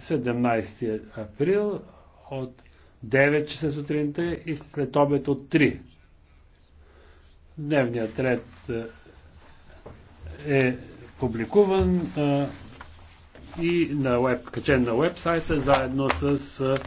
17 април от 9 часа сутринта и след обед от 3. Дневният ред е, е публикуван и на веб, качен на веб-сайта заедно с